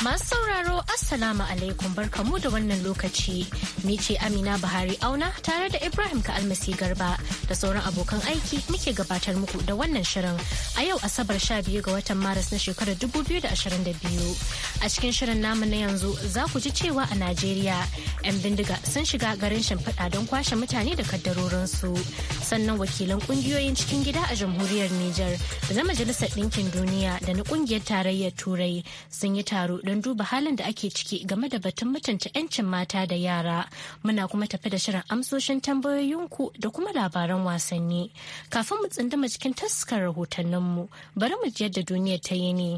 Masu sauraro Assalamu alaikum barkamu da wannan lokaci. Ni ce Amina Buhari Auna tare da Ibrahim Ka'almasi Garba da sauran abokan aiki muke gabatar muku da wannan shirin a yau Asabar 12 ga watan Maris na shekarar 2022. A cikin shirin namu na yanzu za ku ji cewa a Najeriya 'yan bindiga sun shiga garin shimfiɗa don kwashe mutane da kaddarorinsu. Sannan wakilan ƙungiyoyin cikin gida a jamhuriyar Nijar da na Majalisar Ɗinkin Duniya da na ƙungiyar Tarayyar Turai sun yi taro don duba halin da ake ciki game da batun mutunta 'yancin mata da yara. Muna kuma tafi da shirin amsoshin tambayoyinku da kuma labaran wasanni. Kafin mu tsinduma cikin taskar rahotanninmu, bari mu ji yadda duniya ta yi ne.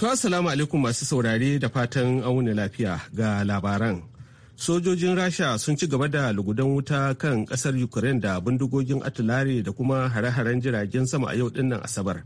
To, Assalamu alaikum masu saurare da fatan auna lafiya ga labaran. sojojin rasha sun ci gaba da lugudan wuta kan kasar ukraine da bindigogin atulare da kuma hare-haren jiragen sama a yau dinnan asabar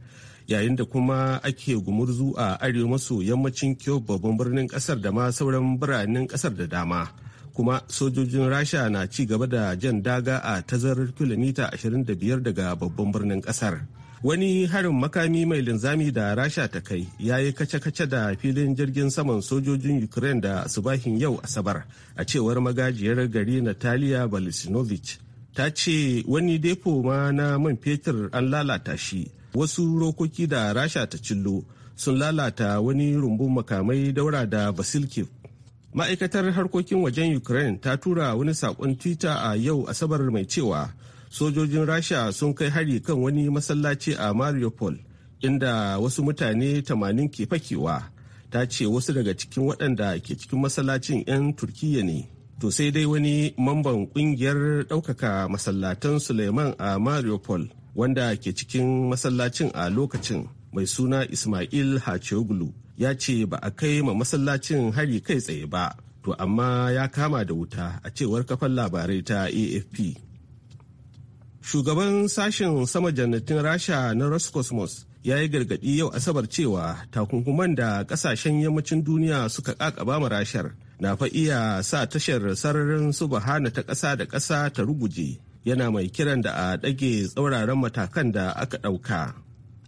yayin da kuma ake gumurzu a arewa maso yammacin kyiv babban birnin kasar da ma sauran biranen kasar da dama kuma sojojin rasha na ci gaba da jan daga a tazarar kilomita 25 daga babban birnin kasar. wani harin makami mai linzami da rasha ta kai ya yi kace-kace da filin jirgin saman sojojin ukraine da subahin yau asabar a cewar magajiyar gari natalia balisinovich ta ce wani depo ma na man fetur an lalata shi wasu rokoki da rasha ta cillo sun lalata wani rumbun makamai daura da basilkiv ma'aikatar harkokin wajen ukraine ta tura wani saƙon twitter a yau asabar mai cewa sojojin rasha sun kai hari kan wani masallaci a mariupol inda wasu mutane 80 ke fakewa ta ce wasu daga cikin waɗanda ke cikin masallacin 'yan turkiyya ne to sai dai wani mamban ƙungiyar ɗaukaka masallatan suleiman a mariupol wanda ke cikin masallacin a lokacin mai suna ismail hachoglu ya ce ba a kai ma masallacin hari kai tsaye ba to amma ya kama da wuta a cewar kafan labarai ta afp Shugaban sashen sama jannatin Rasha na Roscosmos ya yi gargaɗi yau Asabar cewa takunkuman da ƙasashen yammacin duniya suka ƙaƙaba ma rashar na fa iya sa tashar sararin subhana ta ƙasa da ƙasa ta ruguje yana mai kiran da a ɗage tsauraran matakan da aka ɗauka.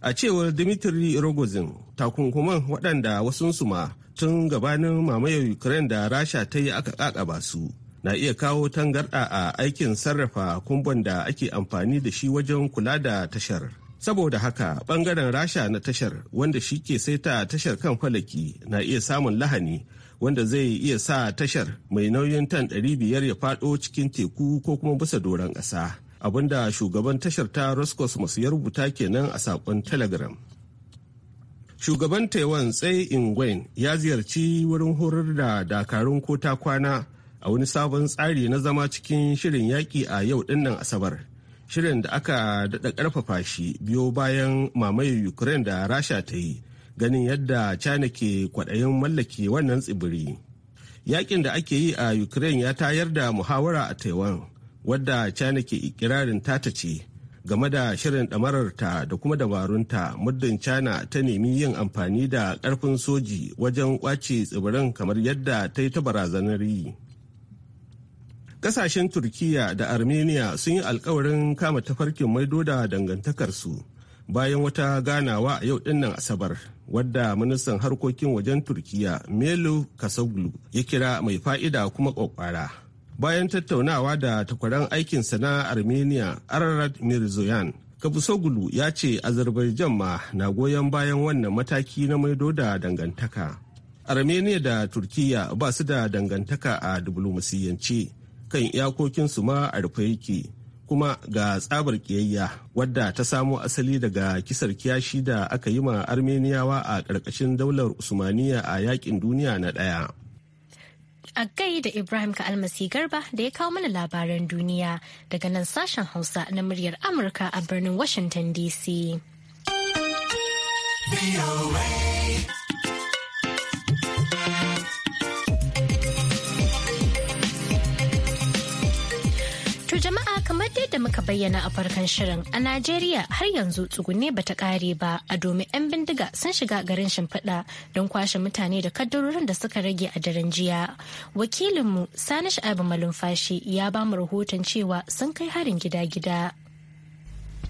A cewar Dimitri Rogozin, takunkuman waɗanda wasunsu ma tun gabanin mamayar Ukraine da Rasha ta yi aka ƙaƙaba su. na iya kawo tangarɗa a aikin sarrafa kumbon da ake amfani da shi wajen kula da tashar. Saboda haka ɓangaren rasha na tashar wanda shi ke saita tashar kan falaki na iya samun lahani wanda zai iya sa tashar mai nauyin tan 500 ya faɗo cikin teku ko kuma bisa doron ƙasa. abinda shugaban tashar ta roscosmos ya rubuta kenan a saƙon telegram shugaban taiwan tsai ingwen ya ziyarci wurin horar da dakarun kota kwana a wani sabon tsari na zama cikin shirin yaƙi a yau dinnan asabar shirin da aka daɗa ƙarfafa shi biyo bayan mamayar ukraine da rasha ta yi ganin yadda china ke kwaɗayin mallake wannan tsibiri Yaƙin da ake yi a ukraine ya tayar da muhawara a taiwan wadda china ke ikirarin ta ce game da shirin ɗamararta da kuma dabarunta muddin china ta nemi yin amfani da ƙarfin soji wajen kwace tsibirin kamar yadda ta yi ta barazanar yi Kasashen Turkiya da Armenia sun yi alkawarin kama tafarkin maido da dangantakarsu bayan wata ganawa a yau dinnan Asabar wadda ministan harkokin wajen Turkiya Melo Kasoglu ya kira mai fa'ida kuma kwakwara. Bayan tattaunawa da takwaran aikin sana Armenia Ararat Mirzoyan, Kabusoglu ya ce Azerbaijan ma na goyon bayan wannan mataki na maido da dangantaka. Armenia da Turkiya ba su da dangantaka a diflomasiyance kan iyakokinsu ma a rufe yake kuma ga tsabar kiyayya wadda ta samo asali daga kisar kiyashi da aka yi ma armeniyawa a ƙarƙashin daular usmaniya a yakin duniya na ɗaya a gai da ibrahim ka almasi garba da ya kawo mana labaran duniya daga nan sashen hausa na muryar amurka a birnin washington dc kamar yadda muka bayyana a farkon shirin a najeriya har yanzu tsugunne bata kare ba a domin 'yan bindiga sun shiga garin shimfiɗa don kwashe mutane da kaddarorin da suka rage a daren jiya wakilinmu sani sha'abu malumfashi ya ba mu rahoton cewa sun kai harin gida-gida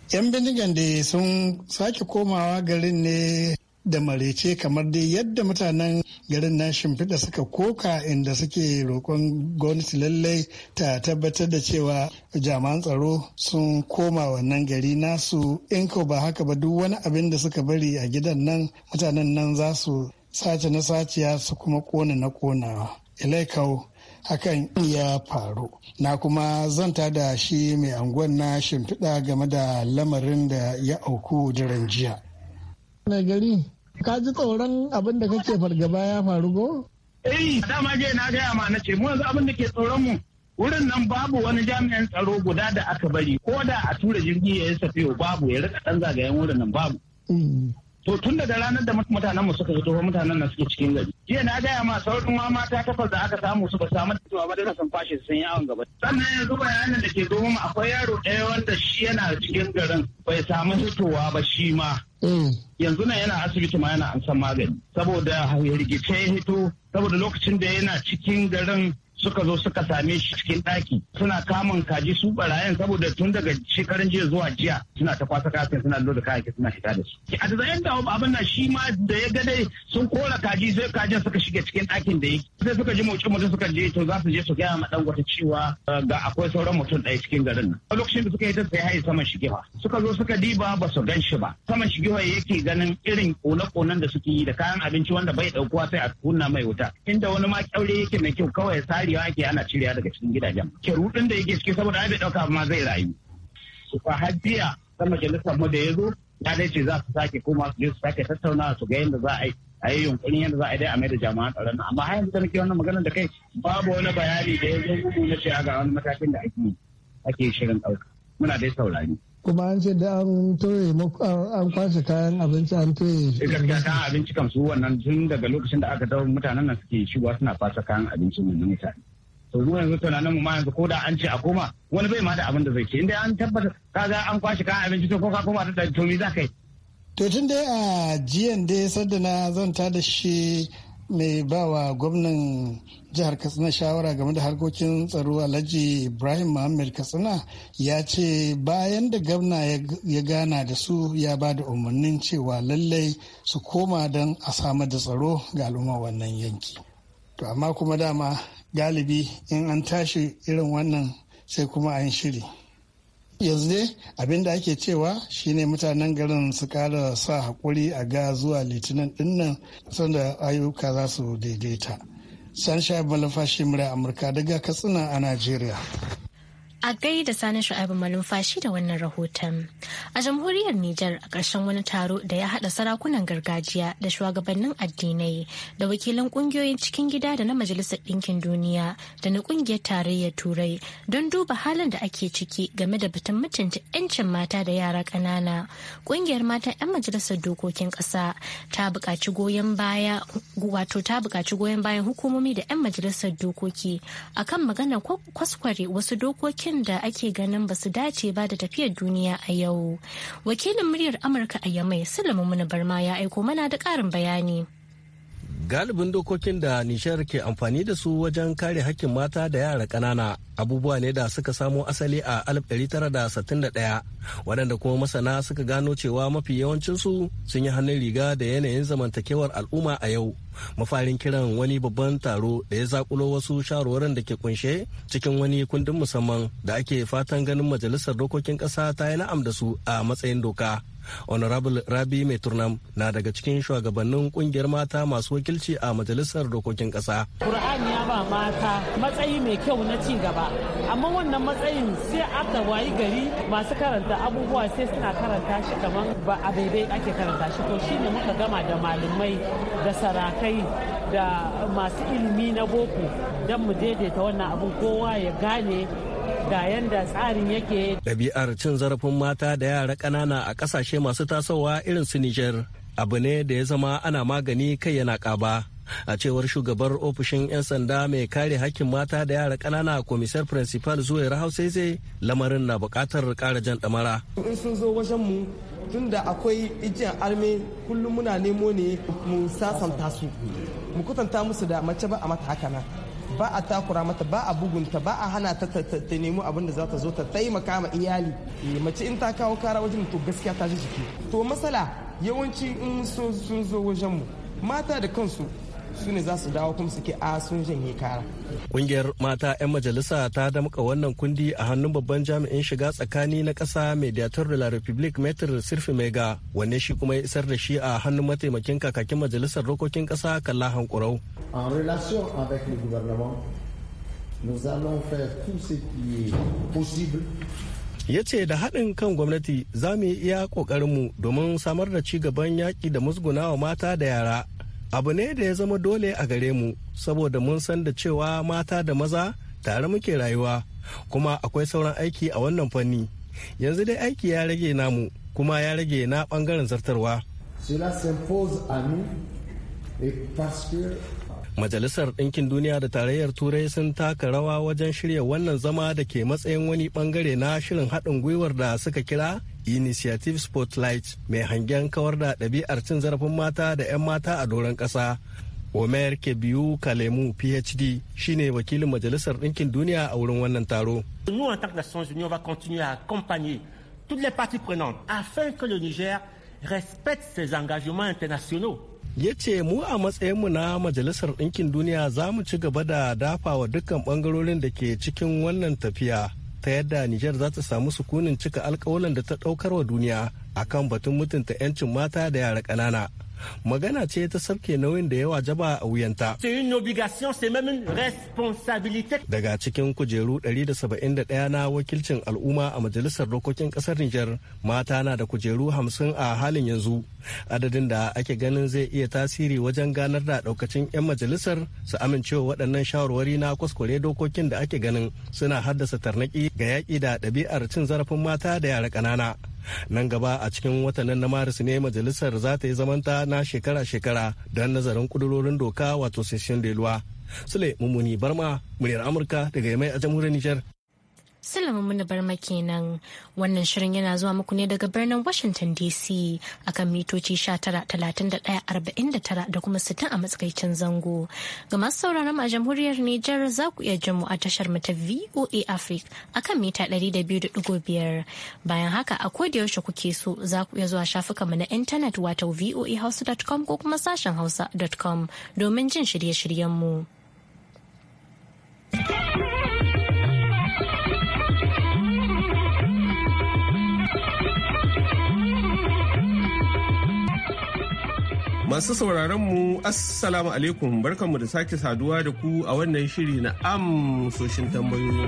'yan bindigan da sun sake komawa garin ne da marece kamar dai yadda mutanen garin na shimfiɗa suka koka inda suke roƙon gwamnati lallai ta tabbatar da cewa jami'an tsaro sun koma wannan gari nasu in ko ba haka ba duk wani abin da suka bari a gidan nan mutanen nan za su sace na saciya su kuma kona na konawa ilaikau hakan ya faru na kuma zanta da shi mai anguwan na shimfiɗa game da lamarin da ya auku jiran jiya gari Ka ji tsoron abin da kake fargaba ya faru go? Eh, dama je na gaya ma na ce mu yanzu abin da ke tsoron mu wurin nan babu wani jami'an tsaro guda da aka bari ko da a tura jirgi ya yi safiyo babu ya rika dan zagayen wurin nan babu. Mm. To tun daga ranar da mutanen mu suka fito mutanen nan suke cikin gari. Jiya na gaya ma saurin ma mata takwas da aka samu su ba samu da ba da sun fashe sun yawon gaba. Sannan yanzu bayanin da ke zo mu akwai yaro ɗaya wanda shi yana cikin garin bai samu fitowa ba shi ma. Mm. yanzu nan yana asibiti ma yana an magani saboda ya rigice ya hito saboda lokacin da yana cikin garin suka zo suka same shi cikin ɗaki suna kamun kaji su barayan saboda tun daga shekarun jiya zuwa jiya suna ta kwasa kafin suna lura kayayyaki suna fita da su a da zayen da abin na shi ma da ya ga dai sun kora kaji sai kajin suka shiga cikin ɗakin da yake sai suka ji mutum mutum suka je to za su je su gaya ma dan wata cewa ga akwai sauran mutum ɗaya cikin garin nan a lokacin da suka yi ta sai haye saman shigewa suka zo suka diba ba su gan shi ba saman shigewa yake ganin irin kona-konan da suke yi da kayan abinci wanda bai ɗaukuwa sai a kunna mai wuta inda wani ma kyaure yake mai kyau kawai sai sarewa ake ana cirewa daga cikin gidajen ke rudin da yake ciki saboda ai bai dauka ma zai rayu su fa hajjiya ta majalisar mu da ya zo ya dai ce za su sake koma su je su sake tattaunawa su ga yadda za a yi a yi yunkurin yadda za a yi dai a mai da jama'a tsaron amma har yanzu da nake wannan maganar da kai babu wani bayani da ya zo na ce ga wani matakin da ake ake shirin ɗauka muna dai saurari kuma an ce da an toye an kwashe kayan abinci an toye shi. Eh, gaskiya kayan abinci kan su wannan tun daga lokacin da aka dawo mutanen nan suke shigowa suna fasa kayan abinci mai mutane. To ruwan yanzu tunanin mu ma yanzu ko da an ce a koma wani bai ma da abin da zai ce inda an tabbata kaga an kwashe kayan abinci to ko ka koma da to za ka yi. To tun dai a jiyan dai sadda na zanta da shi mai bawa gwamnan jihar katsina shawara game da harkokin tsaro alhaji ibrahim muhammad katsina ya ce bayan da gwamna ya gana da su ya ba da umarnin cewa lallai su koma don a samar da tsaro ga al'umma wannan yanki to amma kuma dama galibi in an tashi irin wannan sai kuma an shiri yanzu dai abin da ake cewa shine mutanen garin su kara sa haƙuri a ga zuwa litinin dinnan sanda ayyuka za su daidaita sha malafashi mura amurka daga katsina a najeriya A gaida Sani Shu'aibu Malumfashi da wannan rahoton. A jamhuriyar Nijar a ƙarshen wani taro da ya haɗa sarakunan gargajiya da shugabannin addinai da wakilan ƙungiyoyin cikin gida da na Majalisar Ɗinkin Duniya da na ƙungiyar tarayyar Turai don duba halin da ake ciki game da batun mutunta 'yancin mata da yara ƙanana. Ƙungiyar mata 'yan majalisar dokokin ƙasa ta buƙaci goyon baya wato ta buƙaci goyon bayan hukumomi da 'yan majalisar dokoki akan maganar kwaskware wasu dokokin da ake ganin ba su dace ba da tafiyar duniya a yau. Wakilin muryar Amurka a Yamai Sulaimu muna Barma ya aiko mana da ƙarin bayani. galibin dokokin da nishar ke amfani da su wajen kare hakkin mata da yara kanana abubuwa ne da suka samo asali a 1961 waɗanda kuma masana suka gano cewa mafi yawancinsu sun yi hannun riga da yanayin zamantakewar al'umma a yau mafarin kiran wani babban taro da ya zakulo wasu shawarwarin da ke kunshe cikin wani kundin musamman da ake fatan ganin majalisar dokokin ƙasa ta yi na'am da su a matsayin doka honorable rabi mai turnam na daga cikin shugabannin kungiyar mata masu wakilci a majalisar dokokin kasa. ƙur'ani ya ba mata matsayi mai kyau na ci gaba amma wannan matsayin sai aka wayi gari masu karanta abubuwa sai suna karanta shi kamar ba a daidai ake karanta shi to shine muka gama da malamai da sarakai da masu ilimi na boko don mu daidaita wannan abin kowa ya gane ga yanda tsarin yake ɗabi'ar cin zarafin mata da yara ƙanana a ƙasashe masu tasowa irin su Nijar abu ne da ya zama ana magani kai yana ƙaba a cewar shugabar ofishin 'yan sanda mai kare hakkin mata da yara ƙanana komisar principal zuwa zai lamarin na buƙatar ƙara jan ɗamara in sun zo wajen mu da akwai ijiyar arme kullum muna nemo ne mu sasanta su mu kutanta musu da mace ba a mata haka na. ba a takura mata ba a bugunta ba a hana ta ta nemo abin da za ta zo ta taimaka ma iyali eh, mace in ta kawo kara wajen to gaskiya ta ji jiki to matsala yawanci in sun zo wajen mu mata da kansu su ne za su dawo kuma suke a sun janye kara. Kungiyar mata 'yan majalisa ta damƙa wannan kundi a hannun babban jami'in shiga tsakani na ƙasa mediator de la republique metr sirfi mega wanne shi kuma ya isar da shi a hannun mataimakin kakakin majalisar dokokin ƙasa kalla hankurau. ya ce da haɗin kan gwamnati za mu yi iya ƙoƙarinmu domin samar da ci gaban yaƙi da musgunawa mata da yara abu ne da ya zama dole a gare mu saboda mun san da cewa mata da maza tare muke rayuwa kuma akwai sauran aiki a wannan fanni yanzu dai aiki ya rage namu kuma ya rage na ɓangaren zartarwa Majalisar Ɗinkin Duniya da Tarayyar Turai sun taka rawa wajen shirya wannan zama da ke matsayin wani bangare na shirin haɗin gwiwar da suka kira Initiative Spotlight mai hangen kawar da ɗabi'ar cin zarafin mata da 'yan mata a doron ƙasa. Omer Kebiyu Kalemu PhD shine wakilin Majalisar Ɗinkin Duniya a wurin wannan taro. toutes les parties prenantes afin que le Niger respecte ses engagements internationaux ya ce mu a matsayinmu na majalisar ɗinkin duniya za mu ci gaba da dafa wa dukkan ɓangarorin da ke cikin wannan tafiya ta yadda Nijar za ta samu sukunin cika alkawalan da ta ɗaukar wa duniya akan batun mutunta 'yancin mata da yara ƙanana. magana ce ta sabke nauyin da yawa jaba a wuyanta. Daga cikin kujeru 171 na wakilcin al'umma a majalisar dokokin kasar Nijar mata na da kujeru 50 a halin yanzu. Adadin da ake ganin zai iya tasiri wajen ganar da daukacin 'yan majalisar su amincewa waɗannan shawarwari na kwaskwale dokokin da ake ganin suna haddasa tarnaki ga yaƙi da ɗabi'ar cin zarafin mata da yara ƙanana. nan gaba a cikin watannin na maris ne majalisar za ta yi zamanta na shekara-shekara don nazarin kudurorin doka wato session de sule mummuni barma muryar amurka daga yamai a jamhuriyar nijar Salamu muna barma kenan wannan shirin yana zuwa muku ne daga birnin Washington DC akan mitoci 19,31,49 da kuma 60 a matsakaicin zango. Ga masu sauraron a jamhuriyar Nijar za ku iya jin mu a tashar mu ta VOA Africa a kan mita 200.5. Bayan haka a koda yaushe kuke so za ku iya zuwa shafukanmu na intanet wato voahouse.com ko kuma sashen hausa.com domin jin shirye-shiryen mu. Masu sauraron mu Assalamu alaikum barkanmu da sake saduwa da ku a wannan shiri na amsoshin tambayoyi.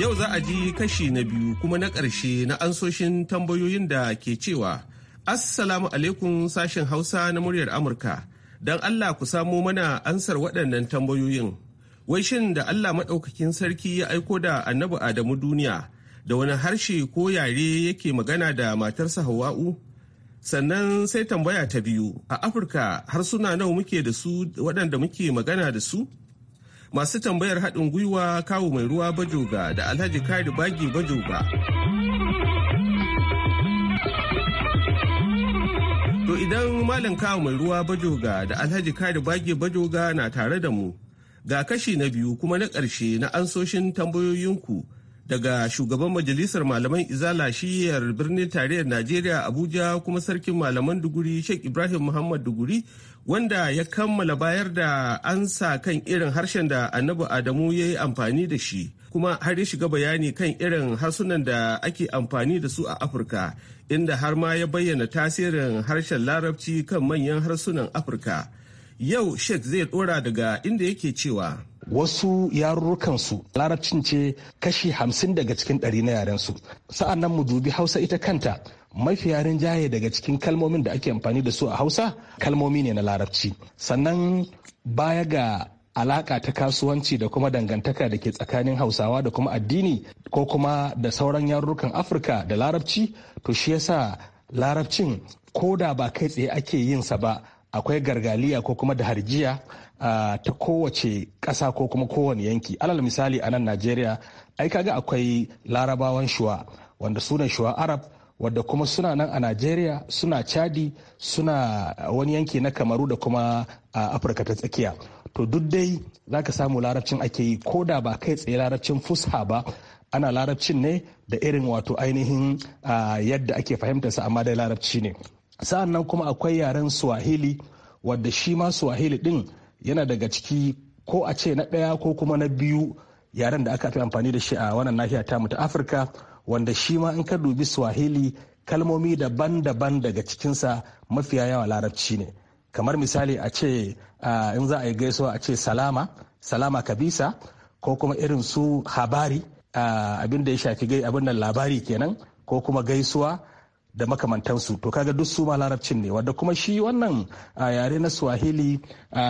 Yau za a ji kashi na biyu kuma na ƙarshe na ansoshin tambayoyin da ke cewa Assalamu alaikum sashen Hausa na muryar Amurka. Don Allah ku samo mana ansar waɗannan tambayoyin. Wai shin da Allah maɗaukakin sarki ya aiko da annabi Adamu duniya da wani harshe ko yare yake magana da matarsa hawa'u sannan sai tambaya ta biyu a afirka harsuna nawa muke da su waɗanda muke magana da su masu tambayar haɗin gwiwa kawo mai ruwa bajoga da alhaji kari bagi bajoga to idan malam kawo mai ruwa bajoga da alhaji kari bagi bajoga na tare da mu ga kashi na biyu kuma na ƙarshe na ansoshin tambayoyinku daga shugaban majalisar malaman izala shiyar birnin tarayyar najeriya abuja kuma sarkin malaman duguri sheikh ibrahim muhammad duguri wanda ya kammala bayar da ansa kan irin harshen da annabi adamu ya yi amfani da shi kuma har ya shiga bayani kan irin harsunan da ake amfani da su a afirka inda har ma ya bayyana tasirin harshen larabci kan manyan harsunan afirka yau sheikh zai dora daga inda yake cewa wasu yarurrukansu larabcin ce kashi hamsin daga cikin ɗari na yarensu sa'an nan mu dubi hausa ita kanta mafi yarin jaye daga cikin kalmomin da ake amfani da su a hausa kalmomi ne na larabci sannan baya ga alaka ta kasuwanci da kuma dangantaka da ke tsakanin hausawa da kuma addini ko kuma da sauran yarurrukan afirka da larabci to shi yasa larabcin ko da ba kai tsaye ake yin sa ba akwai gargaliya ko kuma da harjiya ta kowace ƙasa ko kuma kowane yanki alal misali a nan najeriya ai kaga akwai larabawan shuwa wanda suna shuwa arab wadda kuma suna nan a najeriya suna chadi suna wani yanki na kamaru da kuma afirka ta tsakiya to duk dai za ka samu larabcin ake yi ko da ba kai tsaye larabcin fusha ba ana larabcin ne da irin wato ainihin yadda ake fahimtarsa amma dai larabci ne sa'an nan kuma akwai yaren swahili wadda shi ma swahili din yana daga ciki ko a ce na ɗaya ko kuma na biyu yaren da aka fi amfani da shi a wannan nahiya tamu ta afirka wanda shi ma in ka dubi swahili kalmomi daban-daban daga cikinsa mafiya yawa larabci ne kamar misali a ce in za a yi gaisuwa a ce salama salama kabisa ko kuma irin su habari abin da ya shafi gai abin nan labari kenan ko kuma gaisuwa da makamantansu to kaga duk su ma larabcin ne wanda kuma shi wannan yare na swahili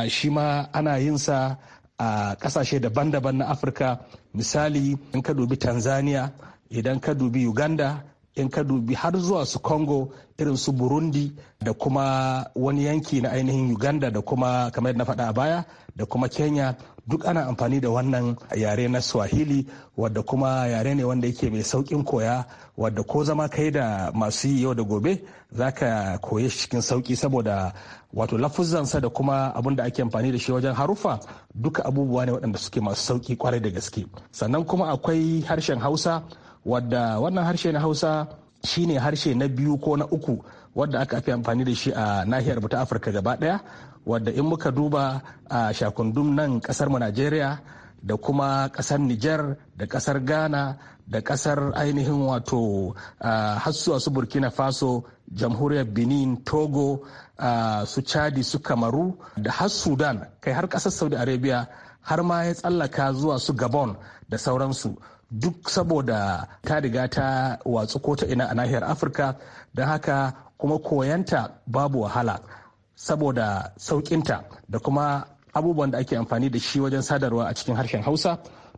shi ma ana yin sa a kasashe daban-daban na afirka misali in ka dubi tanzania idan ka dubi uganda in ka dubi har zuwa su congo irin su burundi da kuma wani yanki na ainihin uganda da kuma kamar na faɗa a baya da kuma kenya duk ana amfani da wannan yare na swahili wadda kuma yare ne wanda yake mai saukin koya wadda ko zama kai da masu yi yau da gobe za ka koye shi cikin sauki saboda wato lafuzansa da kuma abin da ake amfani da shi wajen harufa duka abubuwa ne waɗanda suke masu sauki kwarai da gaske sannan kuma akwai harshen hausa wadda wannan harshe na hausa shine harshe na biyu ko na uku wadda aka fi amfani da shi a nahiyar ta afirka gaba daya wadda in muka duba a shakundum nan kasar mu najeriya da kuma kasar niger da kasar ghana da kasar ainihin wato hasuwa su burkina faso jamhuriyar benin togo su chadi su kamaru da har sudan kai har kasar saudi arabia har ma ya tsallaka zuwa su gabon da sauransu duk saboda ta riga ta watsu ko ta ina a nahiyar afirka don haka kuma koyanta babu wahala saboda saukinta da kuma abubuwan da ake amfani da shi wajen sadarwa a cikin harshen hausa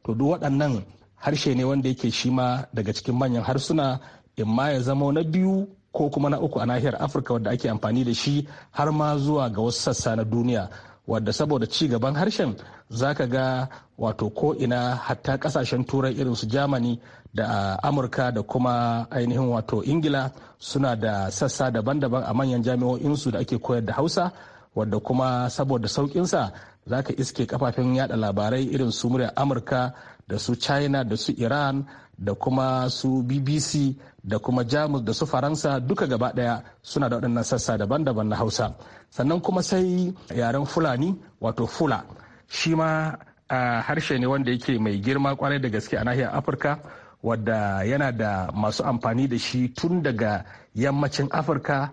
to duk waɗannan harshe ne wanda yake shi ma daga cikin manyan harsuna in ma ya zama na biyu ko kuma na uku a nahiyar afirka wadda ake amfani da shi har ma zuwa ga wasu sassa na duniya wadda saboda ci gaban harshen zaka ga wato ko ina hatta kasashen turai irin su germany da amurka da kuma ainihin wato ingila suna da sassa daban-daban a manyan jami'o'insu da ake koyar da hausa wadda kuma saboda saukinsa za ka iske kafafen yada labarai irin su murya amurka da su china da su iran da kuma su bbc da kuma jamus da su faransa duka gaba daya suna da waɗannan sassa daban-daban na hausa sannan kuma sai yaren fulani wato fula shi ma harshe ne wanda yake mai girma kwarai da gaske a nahiyar afirka wadda yana da masu amfani da shi tun daga yammacin afirka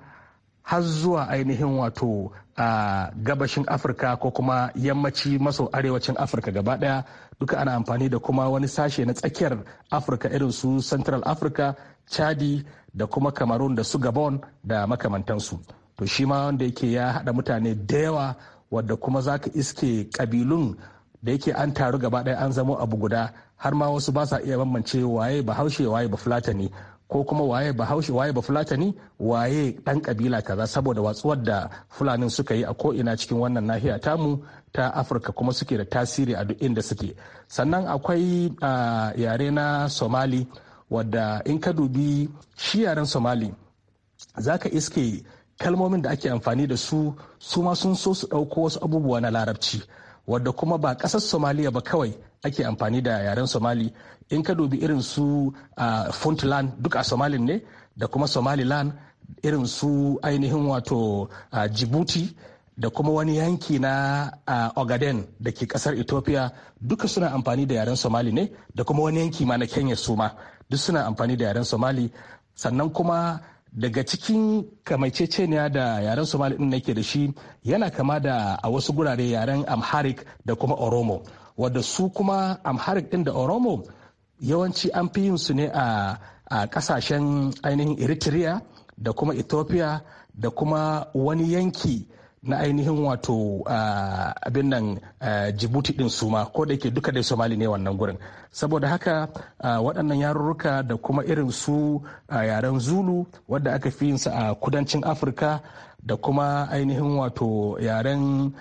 har zuwa ainihin wato a gabashin afirka ko kuma yammaci maso arewacin afirka gaba daya duka ana amfani da kuma wani sashe na tsakiyar afirka irin su central africa chadi da kuma cameroon da su gabon da makamantansu to shi ma wanda yake ya haɗa mutane da yawa wadda kuma za ka iske kabilun da yake an taru gaba daya an zamo abu guda har ma wasu ba sa iya bambance waye bahaushe waye ba fulatani ko kuma waye bahaushe waye ba fulatani waye dan kabila kaza saboda watsuwar da fulanin suka yi a ko ina cikin wannan nahiya tamu ta afirka kuma suke da tasiri a duk inda suke sannan akwai yare na somali wadda in ka dubi shi yaren somali za ka iske kalmomin da ake amfani da su su ma sun so su ɗauko wasu abubuwa na larabci wadda kuma ba ƙasar somaliya ba kawai ake amfani da yaren somali in ka dubi irin su a puntland duk a somalin ne da kuma somaliland irin su ainihin wato a djibouti da kuma wani yanki na ogaden da ke kasar ethiopia duka suna amfani da yaren somali ne da kuma wani yanki ma na kenya su ma duk suna amfani da yaren somali sannan kuma daga cikin kamaiceceniya da yaren somali din nake da shi yana kama da a wasu gurare yaren amharic da kuma oromo wadda su kuma amharic din da oromo yawanci an fi yin su ne a kasashen ainihin eritrea da kuma ethiopia da kuma wani yanki na ainihin wato abin nan jibuti din su ko da yake duka dai somali ne wannan gurin saboda haka waɗannan yarurruka da kuma irin su yaren zulu wadda aka fi yinsa a kudancin afirka da kuma ainihin wato yaren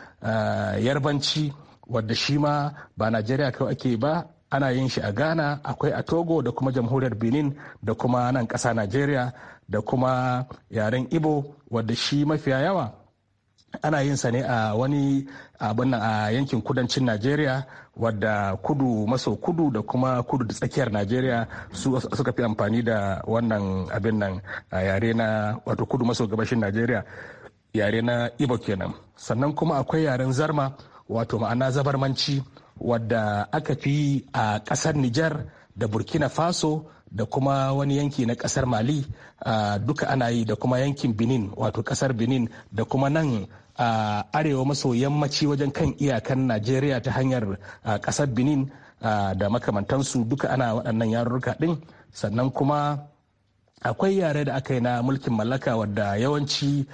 yarbanci wadda shi ma ba najeriya kawai ake ba ana yin shi a ghana akwai a togo da kuma jamhuriyar benin da kuma nan ƙasa najeriya da kuma yaren ibo wadda shi mafiya yawa ana yin sa ne a wani abin a yankin kudancin najeriya wadda kudu maso kudu da kuma kudu da tsakiyar najeriya su suka fi amfani da wannan abin nan yare na wato kudu maso gabashin najeriya yare na ibo kenan sannan kuma akwai yaren zarma wato ma'ana zabarmanci wadda aka fi a ƙasar nijar da burkina faso da kuma wani yanki na kasar mali duka ana yi da kuma yankin benin wato kasar benin da kuma nan a arewa maso yammaci wajen kan iyakan najeriya ta hanyar kasar benin da makamantansu duka ana waɗannan yarurruka ɗin sannan kuma akwai yare da aka yi na mulkin mallaka wadda yawanci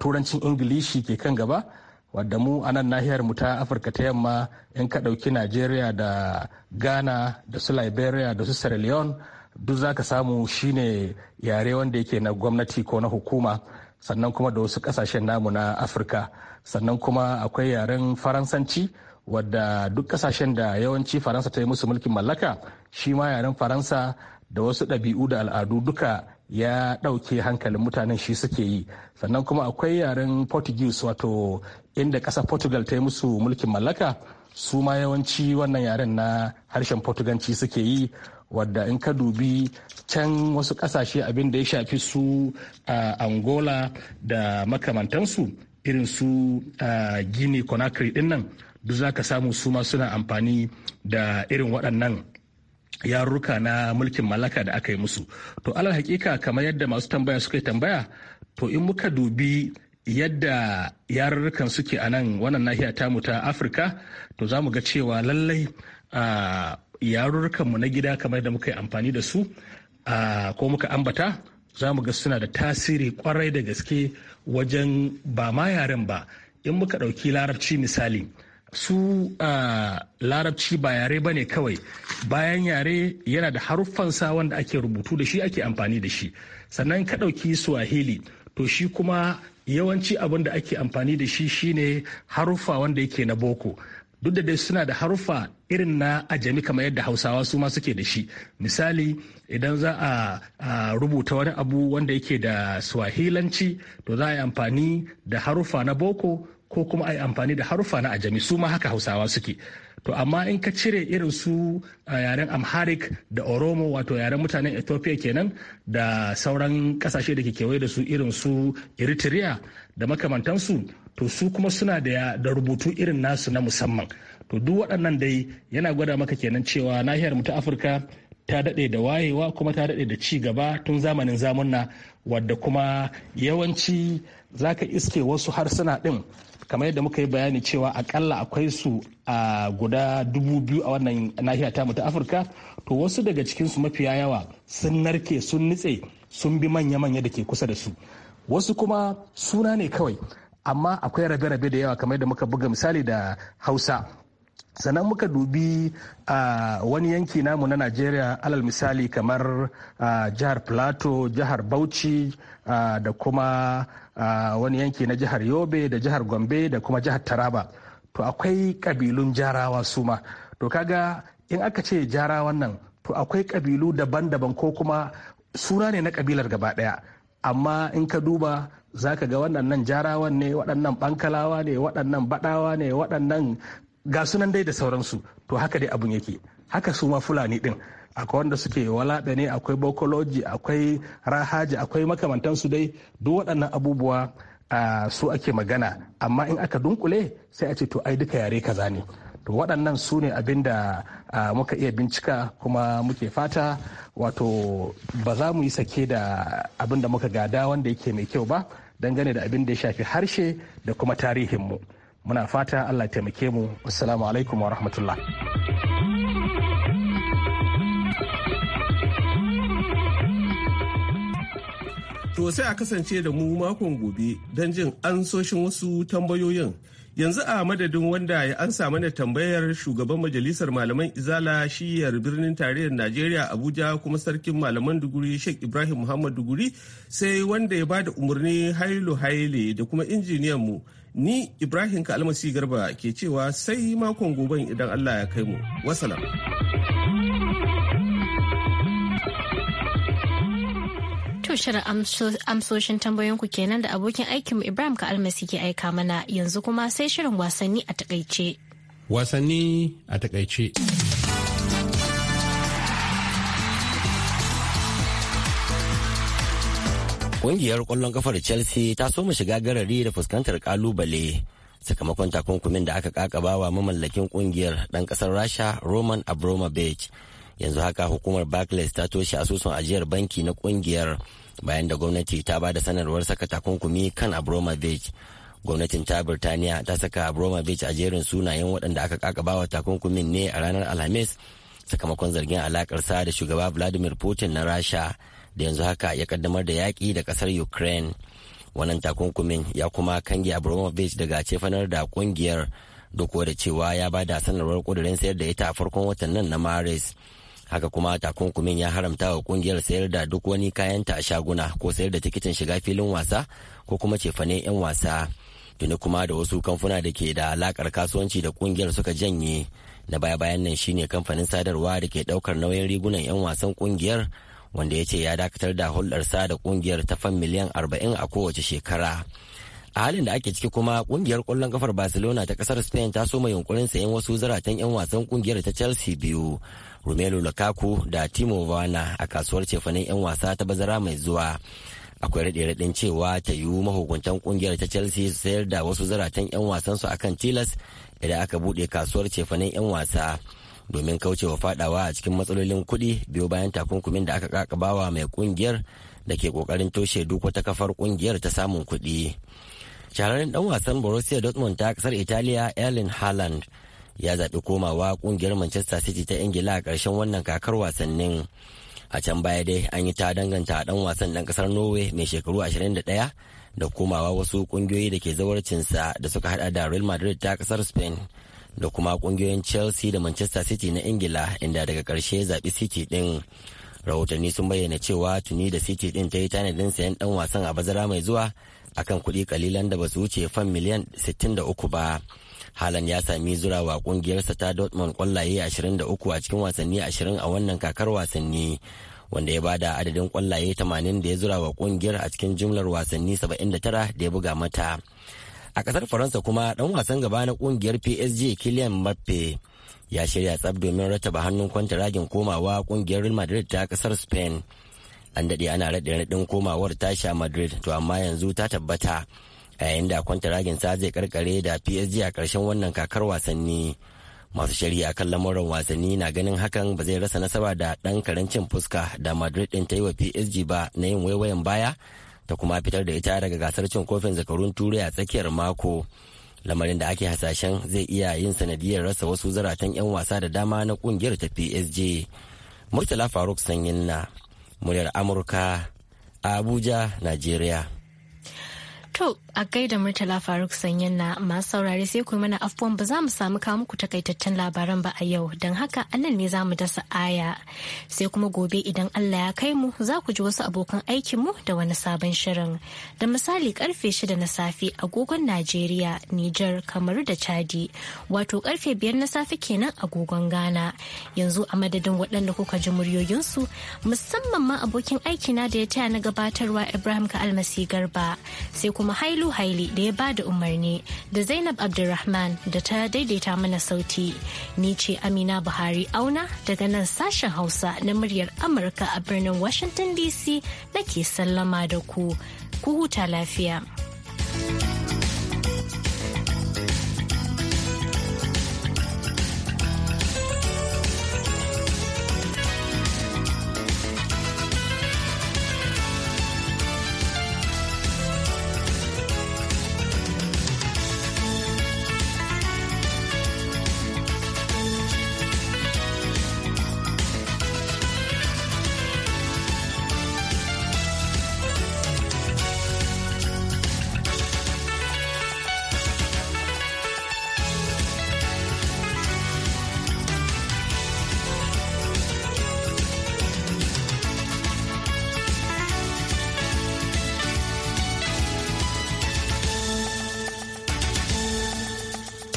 turancin ingilishi ke kan gaba wadda mu a nan nahiyar mu ta afirka ta yamma in ka ɗauki najeriya da ghana da su liberia da su sierra leone duk za ka samu shine yare wanda yake na gwamnati ko na hukuma sannan kuma da wasu kasashen namu na afirka sannan kuma akwai yaren faransanci wadda duk kasashen da yawanci faransa ta yi musu mulkin mallaka shi ma yaren faransa da wasu ɗabi'u da al'adu duka ya ɗauke hankalin mutanen shi suke yi sannan kuma akwai yaren portuguese wato inda ƙasa portugal ta yi musu mulkin mallaka su ma yawanci wannan yaren na harshen portuganci suke yi wadda in ka dubi can wasu kasashe abin da ya shafi su a angola da makamantansu irin su a gini conakry din nan duk za ka samu su ma suna amfani da irin waɗannan yarurruka na mulkin mallaka da aka yi musu to alal hakika kamar yadda masu tambaya suka yi tambaya to in muka dubi yadda yarurrukan suke a nan wannan nahiya tamu ta afirka to za mu ga cewa lallai yarurrukanmu na gida kamar da muka yi amfani da su ko muka ambata za mu ga suna da tasiri kwarai da gaske wajen ba ma yaren ba in muka ɗauki larabci misali su larabci ba yare ba ne kawai bayan yare yana da haruffan haruffansa wanda ake rubutu da shi ake amfani da shi sannan ka ɗauki swahili to shi kuma yawanci abin da ake amfani da shi shine haruffa wanda yake na boko duk da dai suna da haruffa irin na ajami kamar yadda hausawa su ma suke da shi misali idan za a rubuta wani abu wanda yake da swahilanci to za a yi amfani da haruffa na boko ko kuma a yi amfani da haruffa na ajami su ma haka hausawa suke to amma in ka cire irin su a yaren amharic da oromo wato yaren mutanen ethiopia kenan da sauran kasashe da ke kewaye da su irin su eritrea da makamantansu to su kuma suna da rubutu irin nasu na musamman to duk waɗannan dai yana gwada maka kenan cewa nahiyar mu ta afirka ta daɗe da wayewa kuma ta daɗe da ci gaba tun zamanin zamunna wadda kuma yawanci zaka iske wasu harsuna ɗin kamar yadda muka yi bayani cewa akalla akwai su a guda dubu biyu a wannan nahiya tamu ta afirka to wasu daga cikinsu mafiya yawa sun narke sun nitse sun bi manya-manya da ke kusa da su wasu kuma suna ne kawai amma akwai rabe-rabe da yawa kamar yadda muka buga misali da hausa sannan muka dubi a wani yanki namu na najeriya alal misali kamar jihar plateau jihar bauchi da kuma wani yanki na jihar yobe da jihar gombe da kuma jihar taraba to akwai kabilun jarawa suma to kaga in aka ce jarawan nan to akwai kabilu daban-daban ko kuma suna ne na kabilar gaba daya amma in ka duba za ka ga waɗannan jarawan ne waɗannan bankalawa ne waɗannan baɗawa ne waɗannan ga sunan dai da sauransu to haka dai abun yake haka su ma fulani din akwai wanda suke walaɗa ne akwai bokoloji akwai rahaji akwai makamantansu dai duk waɗannan abubuwa su ake magana amma in aka dunkule sai a ce to ai duka yare kaza ne to waɗannan su ne abin da muka iya bincika kuma muke fata wato ba za mu yi sake da abin da muka gada wanda yake mai kyau ba dangane da abin da ya shafi harshe da kuma tarihinmu. mu muna fata allah taimake mu assalamu alaikum wa rahmatullah To sai a kasance da mu makon gobe don jin ansoshin wasu tambayoyin. Yanzu a madadin wanda ya ansa mana tambayar shugaban majalisar malaman Izala shiyar birnin tarayyar Najeriya Abuja kuma sarkin malaman Duguri Sheikh Ibrahim Muhammad Duguri sai wanda ya bada umarni Hailu Haile da kuma injiniyan mu Ni Ibrahim Kalmasi Garba ke cewa sai makon goben idan Allah ya kai mu. Wasalam. To shirin amsoshin tambayoyinku kenan da abokin aikinmu Ibrahim Kalmasi ke aika mana yanzu kuma sai shirin wasanni a takaice. Wasanni a takaice. Ƙungiyar ƙwallon kafar Chelsea ta soma shiga garari da fuskantar kalubale sakamakon takunkumin da aka kakaba wa mamallakin ƙungiyar ɗan ƙasar Rasha Roman Abramovich. Yanzu haka hukumar Barclays ta toshe asusun ajiyar banki na ƙungiyar bayan da gwamnati ta ba da sanarwar saka takunkumi kan Abramovich. Gwamnatin ta Birtaniya ta saka Abramovich a jerin sunayen waɗanda aka kakaba wa takunkumin ne a ranar Alhamis sakamakon zargin alakar sa da shugaba Vladimir Putin na Rasha. da yanzu haka ya kaddamar da yaƙi da kasar ukraine wannan takunkumin ya kuma kange abramovich daga cefanar da kungiyar duk da cewa ya ba da sanarwar kudurin sayar da ita a farkon watan nan na maris haka kuma takunkumin ya haramta wa kungiyar sayar da duk wani kayan ta a shaguna ko sayar da tikitin shiga filin wasa ko kuma cefane 'yan wasa tuni kuma da wasu kamfuna da ke da alakar kasuwanci da kungiyar suka janye na baya bayan nan shine kamfanin sadarwa da ke daukar nauyin rigunan 'yan wasan kungiyar wanda ya ce ya dakatar da hulɗarsa da kungiyar ta fan miliyan 40 a kowace shekara. a halin da ake ciki kuma ƙungiyar kwallon ƙafar barcelona ta ƙasar spain ta soma yunkurin sayan wasu zaratan 'yan wasan kungiyar ta chelsea biyu romelu lukaku da timo werner a kasuwar cefanen 'yan wasa ta bazara mai zuwa akwai raɗe-raɗin cewa ta yiwu mahukuntan ƙungiyar ta chelsea su sayar da wasu zaratan 'yan wasansu akan tilas idan aka buɗe kasuwar cefanen 'yan wasa domin kaucewa fadawa a cikin matsalolin kuɗi biyo bayan takunkumin da aka kakabawa mai kungiyar da ke kokarin toshe duk wata kafar kungiyar ta samun kuɗi. shahararren dan wasan borussia dortmund ta kasar italiya erling haaland ya zaɓi komawa kungiyar manchester city ta ingila a ƙarshen wannan kakar wasannin a can baya dai an yi ta danganta dan wasan dan kasar norway mai shekaru 21 da komawa wasu kungiyoyi da ke zawarcinsa da suka hada da real madrid ta kasar spain da kuma kungiyoyin chelsea da manchester city na ingila inda daga karshe zaɓi city ɗin rahotanni sun bayyana cewa tuni da city ɗin ta yi tanadin sayan ɗan wasan a bazara mai zuwa akan kuɗi kalilan da ba su wuce fan miliyan 63 ba halan ya sami zurawa kungiyarsa ta dortmund kwallaye 23 a cikin wasanni 20 a wannan kakar wasanni wanda ya bada adadin kwallaye 80 da ya zura wa kungiyar a cikin jumlar wasanni 79 da ya buga mata a kasar faransa kuma dan wasan gaba na kungiyar psg kylian mbappe ya shirya tsab domin rattaba hannun ragin komawa kungiyar real madrid ta kasar spain an daɗe ana raɗe raɗin komawar tasha madrid to amma yanzu ta tabbata yayin da ragin sa zai karkare da psg a ƙarshen wannan kakar wasanni masu shari'a kan lamuran wasanni na ganin hakan ba zai rasa nasaba da ɗan karancin fuska da madrid ɗin ta yi wa psg ba na yin waiwayen baya ta kuma fitar da ita daga gasar cin kofin zakarun turai a tsakiyar mako lamarin da ake hasashen zai iya yin sanadiyar rasa wasu zaratan 'yan wasa da dama na kungiyar ta psg murtala faruk sanyin na muryar amurka abuja nigeria To a gaida Murtala Faruk Sanyin na masu saurare sai ku mana afuwan ba za mu samu kawo muku takaitaccen labaran ba a yau don haka anan ne za mu dasa aya sai kuma gobe idan Allah ya kai mu za ku ji wasu abokan aikin mu da wani sabon shirin. Da misali karfe shida na safe agogon Najeriya, Nijar, Kamaru da Chadi wato karfe biyar na safe kenan agogon Ghana. Yanzu a madadin waɗanda kuka ji muryoyinsu musamman ma abokin aikina da ya taya na gabatarwa Ibrahim Ka Almasi Garba sai kuma Hailu Haili da ya bada umarni da Zainab Abdulrahman da ta daidaita mana sauti. Ni ce Amina Buhari auna daga nan sashen Hausa na muryar Amurka a birnin Washington DC nake sallama da ku. Ku huta lafiya.